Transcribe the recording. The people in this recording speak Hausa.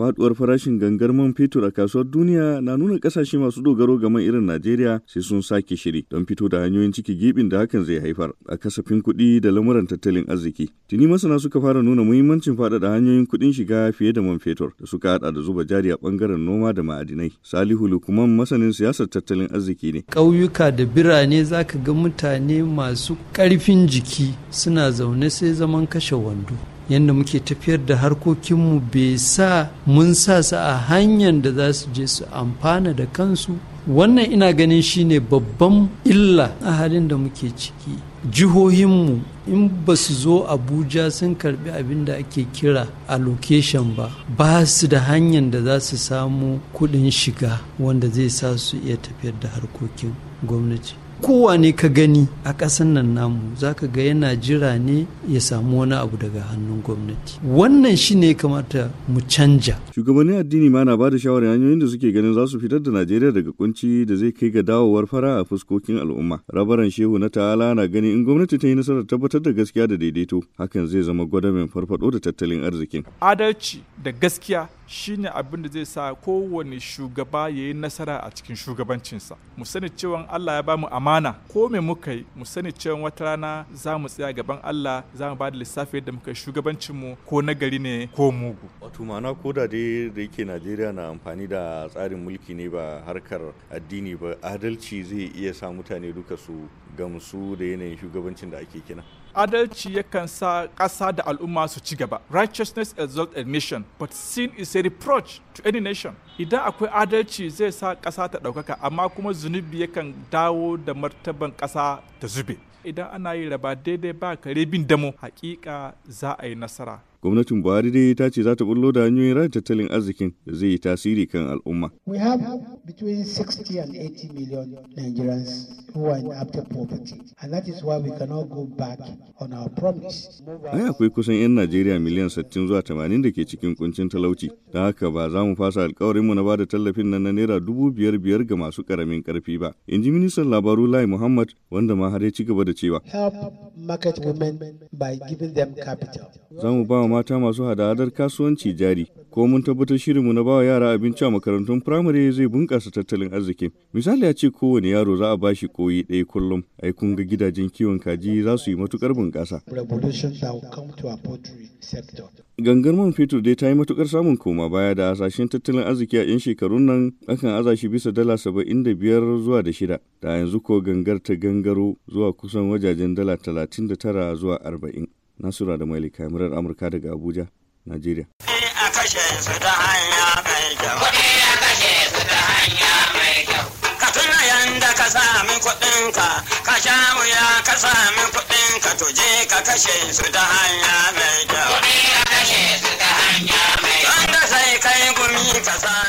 Faduwar farashin gangar man fetur a kasuwar duniya na nuna kasashe masu dogaro ga man irin Najeriya sai sun sake shiri don fito da hanyoyin ciki gibin da hakan zai haifar a kasafin kuɗi da lamuran tattalin arziki. Tuni masana suka fara nuna muhimmancin faɗaɗa hanyoyin kuɗin shiga fiye da man fetur da suka haɗa da zuba jari a ɓangaren noma da ma'adinai. Salihu Lukuman masanin siyasar tattalin arziki ne. Ƙauyuka da birane za ka ga mutane masu ƙarfin jiki suna zaune sai zaman kashe wando yadda muke tafiyar da harkokinmu bai sa mun sa su a hanyar da za su je su amfana da kansu wannan ina ganin shi ne babban illa a halin da muke ciki jihohinmu in ba su zo abuja sun karbi abin da ake kira a location ba ba su da hanyar da za su samu kudin shiga wanda zai sa su iya tafiyar da harkokin gwamnati kowane ka gani a ƙasan nan namu zaka ga yana jira ne ya samu wani abu daga hannun gwamnati wannan shi ne kamata mu canja shugabannin addini ma na bada da shawarar hanyoyin da suke ganin za su fitar da najeriya daga kunci da zai kai ga dawowar fara a fuskokin al'umma rabaran shehu na ta'ala na gani in gwamnati ta yi nasarar tabbatar da gaskiya da daidaito hakan zai zama gwadamin farfaɗo da tattalin arzikin adalci da gaskiya shine abin da zai sa kowane shugaba ya yi nasara a cikin shugabancinsa mu sani cewa Allah ya bamu amana ko me muka yi mu sani cewa wata rana za mu tsaya gaban Allah za mu ba da lissafi yadda muka shugabancin mu ko nagari ne ko mugu wato ma'ana ko da dai da yake Najeriya na amfani da tsarin mulki ne ba harkar addini ba adalci zai iya sa mutane duka su gamsu da yanayin shugabancin da ake kina adalci yakan sa ƙasa da al'umma su ci gaba righteousness exalt a nation but sin is a reproach to any nation idan akwai adalci zai sa ƙasa ta ɗaukaka amma kuma zunubi yakan dawo da martaban ƙasa ta zube idan ana yi raba daidai ba ka bin damo hakika za a yi nasara Gwamnatin Buhari dai ta ce za ta bullo da hanyoyin rayar tattalin arzikin da zai yi tasiri kan al'umma. We have between 60 and 80 million Nigerians who are in poverty akwai kusan 'yan Najeriya miliyan 60 zuwa 80 da ke cikin kuncin talauci. Da haka ba za mu fasa mu na bada tallafin nan na naira dubu biyar biyar ga masu karamin karfi ba. In ji ministan labaru Lai Muhammad wanda ma har ya ci gaba da cewa. Help market women by giving them capital. Za mu ba mata masu hada kasuwanci jari ko mun tabbatar shirinmu na bawa yara abinci a makarantun firamare zai bunƙasa tattalin arziki misali a ce kowane yaro za a ba shi koyi ɗaya kullum ai kun ga gidajen kiwon kaji za su yi matukar bunƙasa gangar man fetur dai ta yi matukar samun koma baya da hasashen tattalin arziki a 'yan shekarun nan akan aza shi bisa dala saba'in da biyar zuwa da shida da yanzu ko gangar ta gangaro zuwa kusan wajajen dala talatin da tara zuwa arba'in Nasura da Maili kamarar Amurka daga Abuja, Najeriya. a kashe su ta hanya mai kyau. Wani ya kashe su ta hanya mai kyau. Ka tuna yanda ka sami kuɗinka, ka sha wuya ka sami kashe su ta hanya mai kyau. Wanda sai kai gumi ka sa.